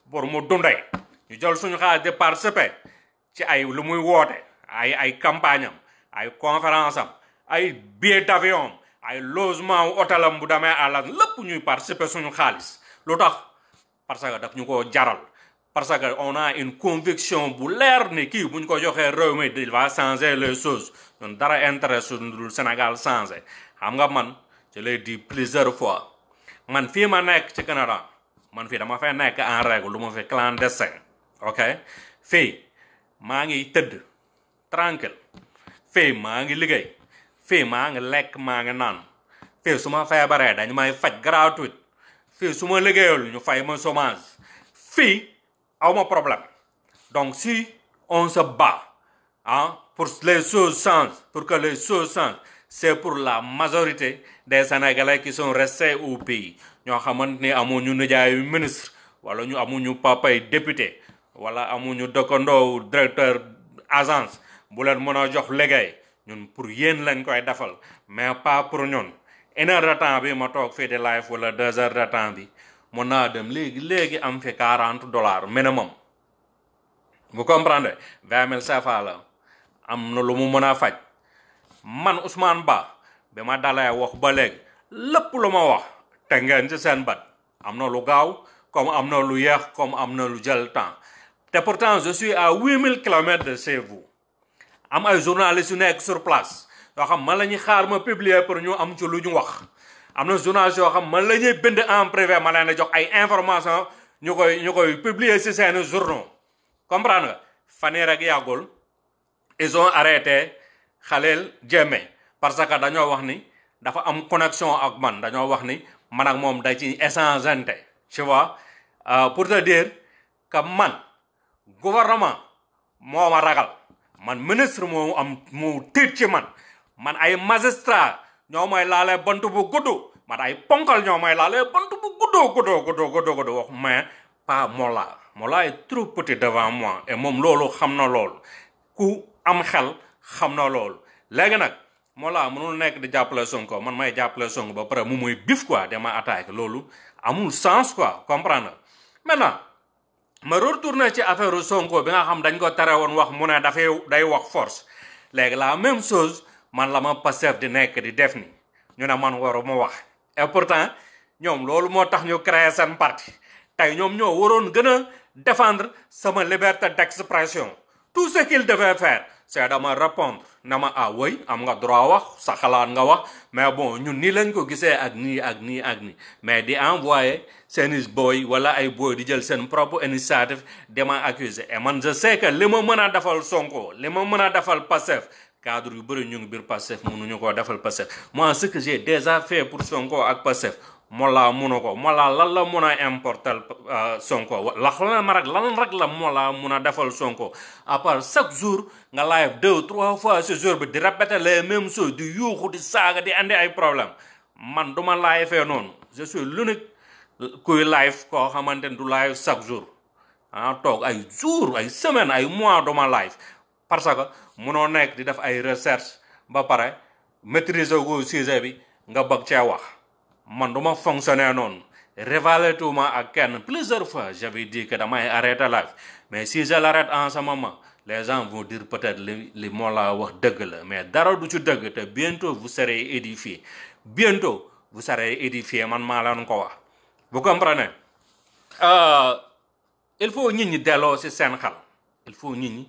ñu jël suñu xaalis participer ci ay lu muy woote ay ay campagne ay conférence ay billet d'avion ay logement wu hôtelam bu demee àllan lépp ñuy participer suñu xaalis lu tax parce que daf ñu ko jaral parce que on a une conviction bu leer ni kii bu ñu ko joxee réew mi il va changer les choses ñun dara intérêt suñu Sénégal changer xam nga man je l'ai dit plusieurs fois man fii ma nekk ci Canada man fii dama fay nekk en règle lu ma fi clandestin ok fii maa ngi tëdd tranquille fii maa ngi liggéey fii maa ngi lekk maa nga naan fii su ma feebaree dañu may faj gratuit fii su ma liggéeyul ñu fay ma chômage fii aw ma problème donc si on se bat pour les choses changent pour que les choses changent c'est pour la majorité des sénégalais qui sont restés au pays ñoo xamante ni amuñu nijaayu ministre wala ñu amuñu papay député wala amuñu dëkkandoowu directeur agence bu leen mën a jox liggéey ñun pour yéen lañ koy defal mais pas pour ñun une heure de temps bi ma toog fii de live wala deux heures de temps bi mun naa dem léegi léegi am fi quarante dollars minimum vous comprenez vingt mille CFA la am na lu mu mën a faj man Ousmane Ba bi ma dalee wax ba léegi lépp lu ma wax te ngeen ci seen bat am na lu gaaw comme am na lu yeex comme am na lu jël temps te pourtant je suis à huit mille kilomètres de chez am ay journalistes yu nekk sur place yoo xam man la ñuy xaar ma publier pour ñu am ci lu ñu wax am na journalistes yoo xam man la ñuy bind en privé ma leen jox ay information ñu koy ñu koy publier ci seen journaux comprendre nga fan yii rek yàggul ils ont arrêté Khalil parce que dañoo wax ni dafa am connexion ak man dañoo wax ni man moom da ci échangeante tu vois euh, pour te dire que man gouvernement moo ma ragal man ministre moo am moo tiit ci man man ay magistrat ñoo may laalee bant bu gudd man ay ponkal ñoo may laalee bant bu guddoo guddoo guddoo guddoo guddoo wax mais pas Mollah Mollah est trop petit devant moi et moom loolu xam na lool ku am xel xam na loolu léegi nag Mollah mënul nekk di jàppale Sonko man may jàppale Sonko ba pare mu muy bif quoi dema attaqué loolu amul sens quoi comprendre maintenant ma retourné ci affaire Sonko bi nga xam dañ ko tere woon wax mu ne dafay day wax force léegi la même chose man la ma Pastef di nekk di def ni ñu ne man waruma wax et pourtant ñoom loolu moo tax ñu créer seen parti tey ñoom ñoo waroon gën a défendre sama liberté d'expression tout ce qu'il devait faire c'est de me répondre na ma ah woy am nga droit wax sa xalaat nga wax mais bon ñun nii lañ ko gisee ak nii ak nii ak nii mais di envoyé seeni booy wala ay booy di jël seen propre initiative dama accuser et man je sais li ma mën a defal Sonko li ma mën a defal Pastef cadre yu bëri ñu ngi biir Pastef mënuñu koo defal Pastef moi ce que j'ai déjà fait pour Sonko ak Pastef Mollah munu ko Mollah lan la mun a importal euh, Sonko la xolal ma rek la rek la Mollah mun a defal Sonko à part chaque jour nga live deux trois fois ce jour bi di répéter les mêmes choses di yuuxu di saaga di andi ay problème man duma live fee noonu je l'unique kuy live koo xamante ne du live chaque jour ah toog ay jour ay semaine ay mois duma live parce que munoo nekk di def ay recherche ba pare maîtriser ko sujet bi nga bëgg cee wax man du ma fonctionner noonu rivaler ak kenn plusieurs fois j'avais dit que damay arrêter live mais si je l'arrête en ce ma les gens vont dire peut-être li li moo laa wax dëgg la mais dara du ci dëgg te bientôt vous serez édifié bientôt vous serez édifié man maa leen ko wax bu comprenez euh, il faut nit ñi delloo si seen xel il faut nit ñi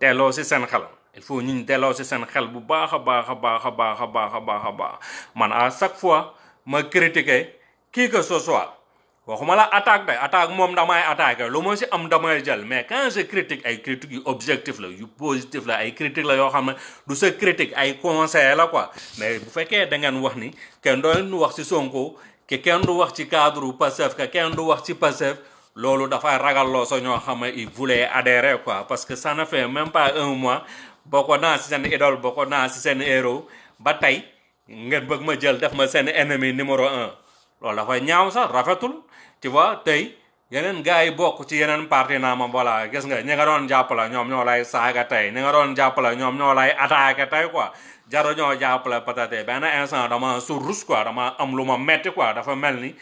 delloo si seen xel il faut nit ñi delloo ci seen xel bu baax a baax a baax a baax a baax a baax a baax man à chaque fois ma critiquer qui que ce soit waxuma la attaque day attaque moom damay attaqué lu ma si am damay jël mais quand je critique ay critiques yu objectif la yu positif la ay critique la yoo xam du sa critique ay conseil la quoi mais bu fekkee da ngeen wax ni kenn doon wax si Sonko que kenn du wax ci cadre Pastef que kenn du wax si Pastef loolu dafay ragalloo sa ñoo xam ne il voulait adhérer parce que ça ne fait même pas un mois bokkoon naa si seen idole bokkoon naa seen héros ba tey ngeen bëgg ma jël def ma seen ennemi numéro un loolu dafay ñaaw sax rafetul tu vois tey yeneen gars yi bokk ci yeneen parti naa ma voilà gis nga ñi nga doon jàppale ñoom ñoo lay saaga tey ñi nga doon jàppale ñoom ñoo lay attaqué tey quoi jaru ñoo jàppale peut-être benn instant dama surrus quoi dama am lu ma metti quoi dafa mel ni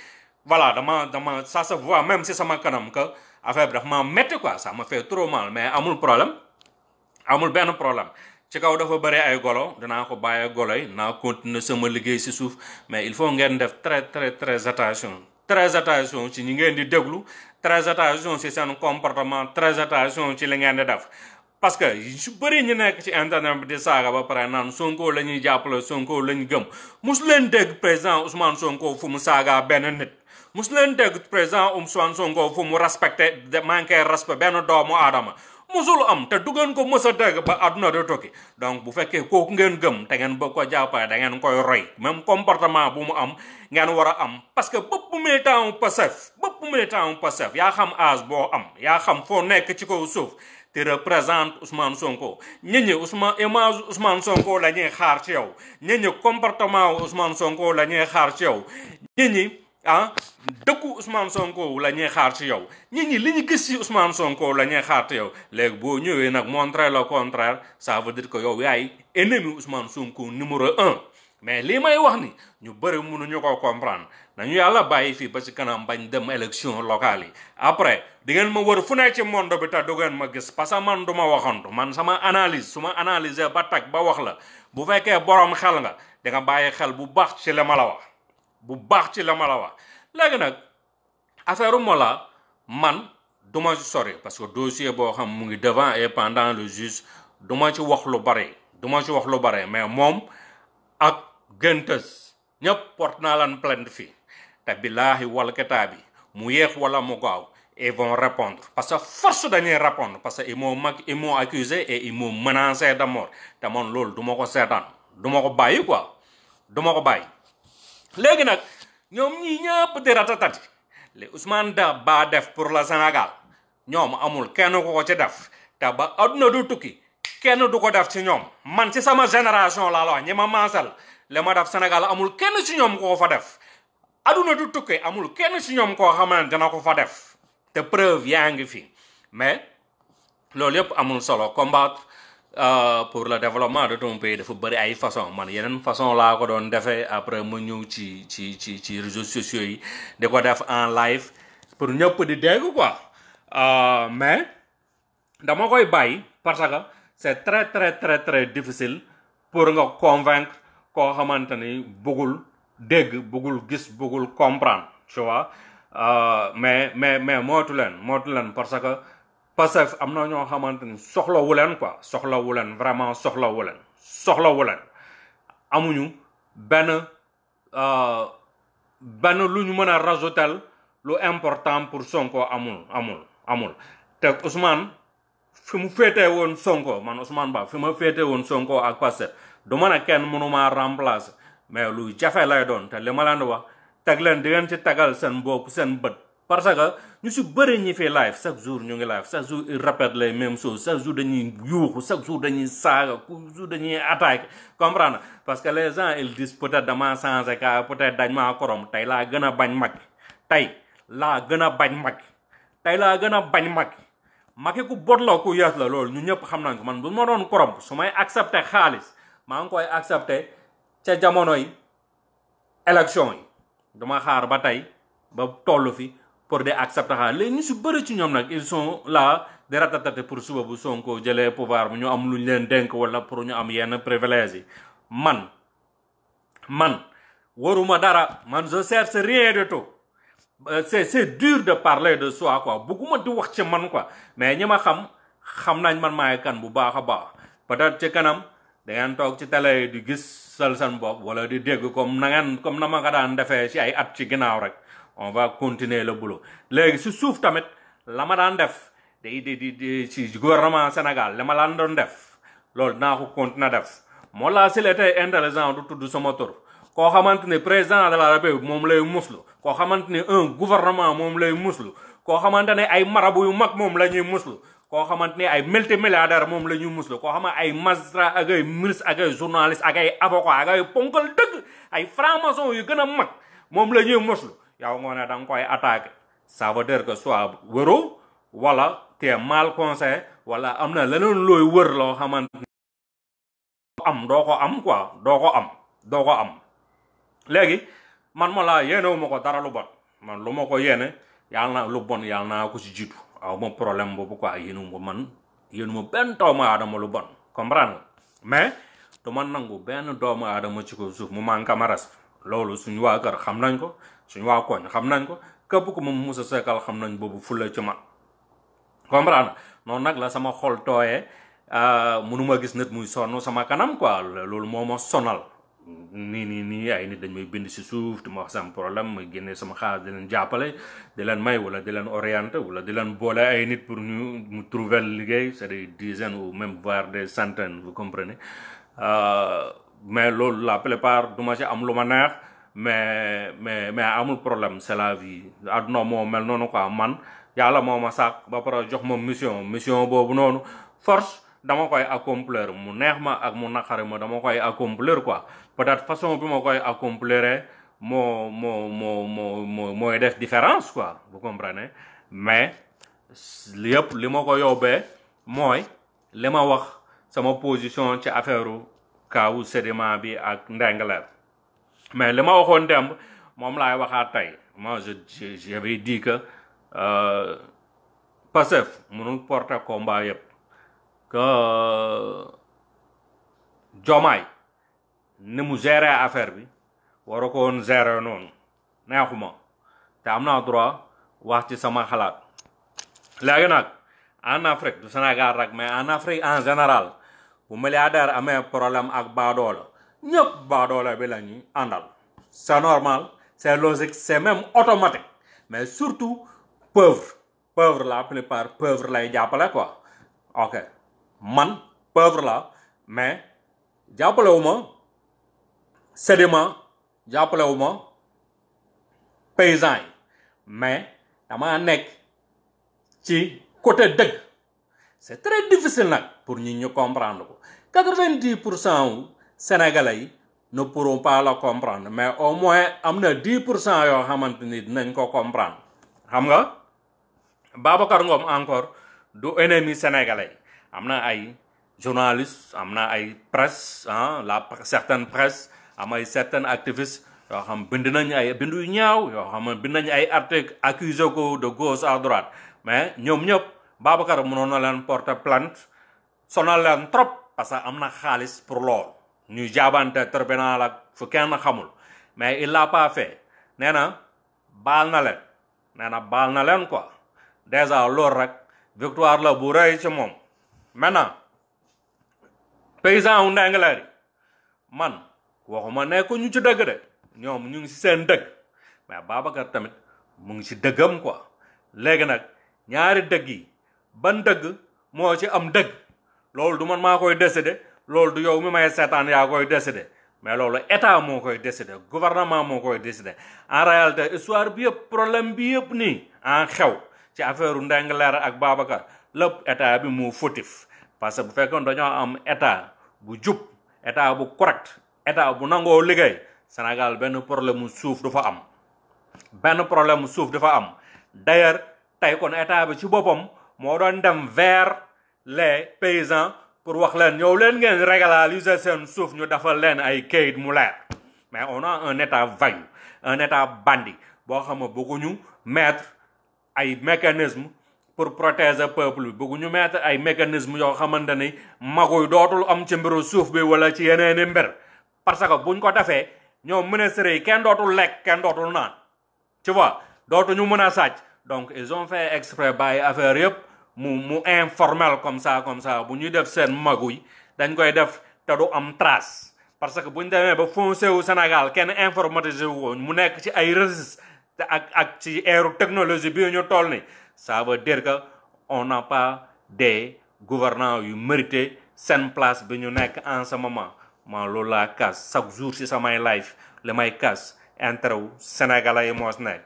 voilà dama dama ça se voit même si sama kanam que affaire bi dafa ma metti quoi ça me fait trop mal mais amul problème amul benn problème ci kaw dafa bëri ay golo danaa ko bàyyi golo yi naa continuer sama liggéey si suuf mais il faut ngeen def très très très attention très attention ci ñi ngeen di déglu très attention ci seen comportement très attention ci li ngeen di def parce que su bëri ñu nekk ci internet bi di saaga ba pare naan Sonko la ñuy jàppale Sonko la ñu gëm mosu leen dégg président Ousmane Sonko fu mu saaga benn nit mosu leen dégg président Ousmane Sonko fu mu respecté manqué respect benn doomu aadama musul am te du ngeen ko mës a dégg ba àdduna de tokki donc bu fekkee kooku ngeen gëm te ngeen bëgg ko jàppale dangeen ngeen koy roy même comportement bu mu am ngeen war a am parce que bépp militant wu Pastef bépp militant wu Pastef yaa xam âge boo am yaa xam foo nekk ci kaw suuf te représente Ousmane Sonko ñit ñi Ousmane image Ousmane Sonko la ñuy xaar ci yow ñit ñi comportement wu Ousmane Sonko la ñuy xaar ci yow ñit ñi ah dëkku Ousmane Sonko la ñuy xaar ci yow nit ñi li ñu gis ci Ousmane Sonko la ñuy xaar ci yow léegi boo ñëwee nag montrer le contraire ça veut ko yow yaay ennemi Ousmane Sonko numéro un. mais lii may wax ni ñu bëri mënuñu ko comprendre nañu yàlla bàyyi fii ba ci kanam bañ dem élection locale yi après di ngeen ma wër fu ne ci monde bi te du ngeen ma gis parce que man du ma waxantu man sama analyse su ma analyser ba tag ba wax la bu fekkee borom xel nga di nga bàyyi xel bu baax ci li ma la wax. bu baax ci la ma la wax léegi nag affaire Mollah man duma ci sori parce que dossier boo xam mu ngi devant et pendant le juge duma ci wax lu bari duma ci wax lu bari mais moom ak géntës ñëpp porte naa lan plainte fii te billaahi wal bi mu yéex wala mu gaaw et vont répondre parce que force dañuy répondre parce que ils moo mag ils m'ont accusé et ils m'ont menacé de mort te man loolu duma ko seetaan duma ko bàyyi quoi du ko bàyyi léegi nag ñoom ñii ñëpp di ratatati li Ousmane Daba def pour la Sénégal ñoom amul kenn ko ci def te ba adduna du tukki kenn du ko def ci ñoom man ci sama génération laa la wax ñi ma maasal li ma def Sénégal amul kenn ci ñoom koo fa def adduna du tukki amul kenn ci ñoom koo xam ne dina ko fa def te preuve yaa ngi fi mais loolu yëpp amul solo combattre Euh, pour le développement de ton pays dafa bëri ay façon man yeneen façon laa ko doon defee après ma ñëw ci ci ci ci réseaux sociaux yi di ko def en live pour ñëpp di dégg quoi euh, mais dama koy bàyyi parce que c'est très très très très difficile pour nga convaincre koo xamante ni bëggul dégg bëggul gis bëggul comprendre tu euh, mais mais mais mootu leen mootu leen parce que Pastef am na ñoo xamante ni soxlawu leen quoi soxlawu leen vraiment soxlawu leen soxlawu leen amuñu benn euh, benn lu ñu mën a rajouter lu important pour Sonko amul amul amul te Ousmane fi mu féete woon Sonko man Ousmane Ba fi ma féete woon Sonko ak Pastef du mën a kenn mënuma remplacer mais lu jafe lay doon te li ma leen di wax teg leen di ngeen ci tagal seen bopp seen bët parce que ñu si bëri ñi fi live chaque jour ñu ngi live chaque jour ils répètent les mêmes choses chaque jour dañuy yuuxu chaque jour dañuy saaga chaque jour dañuy attaque comprendre parce que les gens ils disent peut-être damaa changé ka peut-être dañ maa korom tey laa gën a bañ mag tey laa gën a bañ mag tey laa gën a bañ mag magi ku bot la ku yees la loolu ñu ñëpp xam nañ ko man bu ma doon korom su may accepté xaalis maa ngi koy accepté ca jamonoy élection yi duma xaar ba tey ba toll fi pour de ak sataxaar léegi ñu su bëri ci ñoom nag il sont là di ratatate pour suba bu Sonko jëlee pouvoir bu ñu am lu ñu leen dénk wala pour ñu am yenn privilège yi man man waruma dara man je cherche rien du tout euh, c'est c'est dur de parler de soi quoi bugguma di wax ci man quoi mais ñi ma xam xam nañ man maay kan bu baax a baax peut-être ci kanam dangeen toog ci télé di gis sal seen bopp wala di dégg comme na ngeen comme na ma ko daan defee ci ay at ci ginnaaw rek on va continuer la boulot léegi si suuf tamit la ma daan def di di di ci Sénégal la ma daan doon def loolu naa ko continuer def moo laa si la tey intelligent du tudd sama tur koo xamante ne président de la République moom lay muslu koo xamante ne un gouvernement moom lay muslu koo xamante ne ay marabu yu mag moom la ñuy muslu koo xamante ne ay multimilliardaire moom la ñuy muslu koo xamante ay magistrat ak ay ministre ak ay journaliste ak ay avocat ak ay ponkal dëgg ay franc-maçon yu gën a mag moom la ñuy muslu yow nga ne danga koy attaqué ça veut dire que soit wëru wala te mal conseil wala am na leneen looy wër loo xamante am doo ko am quoi doo ko am doo ko am léegi man ma laa yéenewu ko dara lu bon man lu ma ko yéene yàlla lu bon yàlla naa ku ci jiitu aw ma problème boobu quoi yéenu ma man yéenu ma benn doomu aadama lu bon comprendre nga mais du ma nangu benn doomu aadama ci ko suuf mu manque ma respect loolu suñu waa kër xam ko suñu waa koñ xam nañ ko képp ku ma musa sekkal xam nañ boobu fulla ci man comprendre noonu nag la sama xol tooyee euh, mënuma gis nit muy sonn sama kanam quoi loolu moo ma sonal nii ni nii ay nit dañ may bind si suuf di ma wax sama problème may génne sama xaalis di leen jàppale di leen may wala di leen orienté wala di leen boole ay nit pour ñu mu trouver liggéey c'est des dizaines ou même voire des centaines vous comprenez euh, mais loolu la plupart du ma si am lu ma neex mais mais mais amul problème c'est la vie moo mel noonu quoi man yàlla moo ma sàkk ba pare jox ma mission mission boobu noonu force dama koy accomplir mu neex ma ak mu naqari ma dama koy accomplir quoi peut-être façon bi ma koy accomplir moo moo moo moo moo mooy def différence quoi vous comprenez mais yëpp li ma ko yóbbee mooy li ma wax sama position ci affaire u kaawu sédiment bi ak Ndingler mais li ma waxoon démb moom laay waxaat tey moi je j'avais dit que euh, Pastef porte porter combat yëpp que Jomaay euh, ni mu gérer affaire bi waru ko woon gérer noonu neexuma te am naa droit wax ci sama xalaat léegi nag en Afrique du Sénégal rek mais en Afrique en général bu milliardaire amee problème ak baadoola ñëpp baadoola bi la ñuy àndal c'est normal c'est logique c'est même automatique mais surtout pauvre pauvre la plupart pauvre lay jàppale quoi ok man pauvre la mais jàppalewuma sédiment jàppalewuma paysan yi mais dama nekk ci côté dëgg c'est très difficile nag pour ñi ñu comprendre ko quatre-vingt-dix pour cent sénégalais yi ne pour pas la comprendre mais au moins am na 10 pour cent yoo xamante ni dinañ ko comprendre xam nga Babacar Ngom encore du ennemi sénégalais am na ay journalistes am na ay press ah la certaine presse am ay certains activistes yoo xam bind nañ ay bind ñaaw yoo xam bind nañ ay article accusé ko de gauche à droite mais ñoom ñëpp Babacar mënoon na leen porte plainte sonal leen trop parce que am na xaalis pour lool ñuy jaabante tribunal la fu kenn xamul mais il l'a pas fait nee na baal na leen nee na baal na leen ko déjà loolu rek victoire la bu rëy ci moom maintenant paysan wu Ndingler yi man waxuma nekku ñu ci dëgg de ñoom ñu ngi ci seen dëgg mais Babacar tamit mu ngi dëgg dëggam quoi léegi nag ñaari dëgg ban dëgg moo ci am dëgg loolu du man maa koy décider loolu du yow mi may seetaan yaa koy décider mais loolu état moo koy décider gouvernement moo koy décider en réalité histoire bi yëpp problème bi yëpp nii en xew ci affaire Ndingler leer ak Babacar lépp état bi mu fautif parce que bu fekkoon dañoo am état bu jub état bu correct état bu nangoo liggéey Sénégal benn problème mu suuf du am benn problème mu suuf du am d'ailleurs tey état bi ci boppam moo doon dem vers les paysans pour wax leen ñëw leen ngeen régulariser seen suuf ñu defal leen ay kayit mu leer mais on netat un état vague un état bandit boo xam ne bëgguñu mettre ay mécanisme pour protéger peuple bi bëgguñu mettre ay mécanisme yoo xamante ni maguy dootul am ci mbiru suuf bi wala ci yeneeni mbir parce que buñ ko defee ñoom ministres yi kenn dootul lekk kenn dootul naan tu vois dootuñu mun a sàcc donc ils ont fait exprès bàyyi affaire yëpp mu mu informel comme ça comme ça bu ñuy def seen maguy dañ koy def te du am trace parce que bu ñu demee ba foncé wu Sénégal kenn informatisé wu ko mu nekk ci ay registres te ak ak ci ère technologie bi ñu toll ni ça veut dire que on n'a pas des gouvernants yu mérité seen place bi ñu nekk en ce moment man loolu laa kas chaque jour ci samay live li may kas intérêt wu sénégalais yi moos nag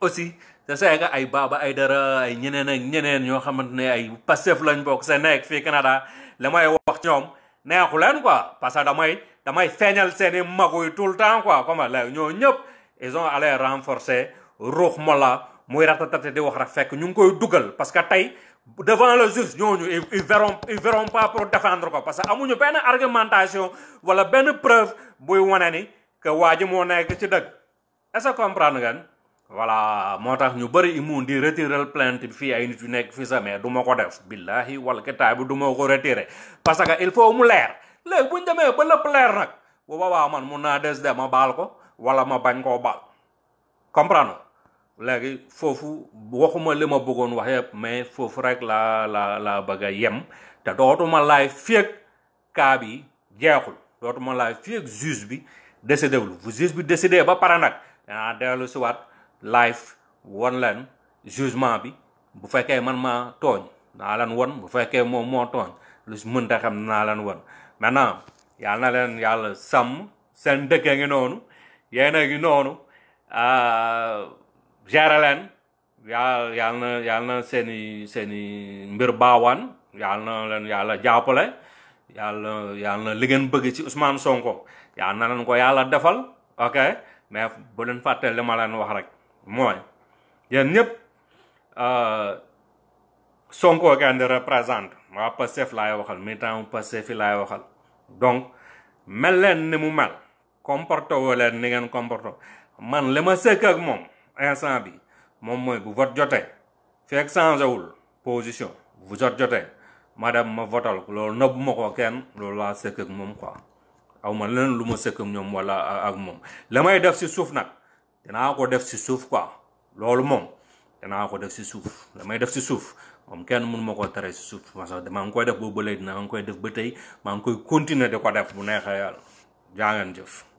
aussi te c'est que ay Baba Aydara ay ñeneen ak ñeneen ñoo xamante ne ay Pastef lañ bokk seen nekk fii Canada la may wax ci ñoom neexu leen quoi parce que damay damay feeñal seen i magu tout le temps quoi comme ñoo ñëpp ils ont allé renforcer ruux mola muy ratatate di wax rek fekk ñu ngi koy dugal parce que tey devant le juge ñooñu ils verront ils verront pas pour défendre ko parce que amuñu benn argumentation wala benn preuve buy wone ni que waa ji moo nekk ci dëgg est-ce que voilà moo tax ñu bëri imun di retirer plainte bi fii ay nit yu nekk fii sax mais du ko def billahi wal kitaabi du ma ko retirer parce que il faut mu leer léegi bu ñu demee ba lépp leer nag bu boobaa man mun naa des de ma baal ko wala ma bañ koo baal comprendre léegi foofu waxuma li ma bëggoon wax yëpp mais foofu rek laa la laa bëgg a yem te dootuma laay féeg cas bi jeexul dootuma laay féeg juge bi décidé wul juge bi décidé ba pare nag danaa dellu si waat live won leen jugement bi bu fekkee man maa tooñ naa leen won bu fekkee moom moo tooñ lu mënta xam naa leen won maintenant yal na leen yàlla sàmm seen dëkkee ngi noonu yéen a ngi noonu euh, gérer leen yàlla yàlla na seeni na mbir baawan yàlla na leen yàlla jàppale yàlla yàlla na li ngeen bëgg ci Ousmane Sonko yàlla na leen ko yàlla defal ok mais bu leen fàtte li ma wax rek mooy yéen ñëpp euh, Sonko ngeen di représente waa Pastef laay waxal militant Pastef fi laay waxal donc mel leen ni mu mel comporté woo leen ni ngeen comporte man li ma sëkk ak moom instant bi moom mooy bu vote jotee fekk changé wul position bu jot jotee madame ma votal ko loolu nëbbu ko kenn loolu laa sëkk ak moom quoi aw ma leen lu ma sëkk ñoom wala ak moom la may def si suuf nag. danaa ko def si suuf koa loolu moom danaa ko def si suuf damay def si suuf moom kenn munu ma ko tere si suuf parce que maa ngi koy def boobu ba léegi maa ngi koy def ba tey maa ngi koy continuer de ko def bu neexee yàlla jaa jëf.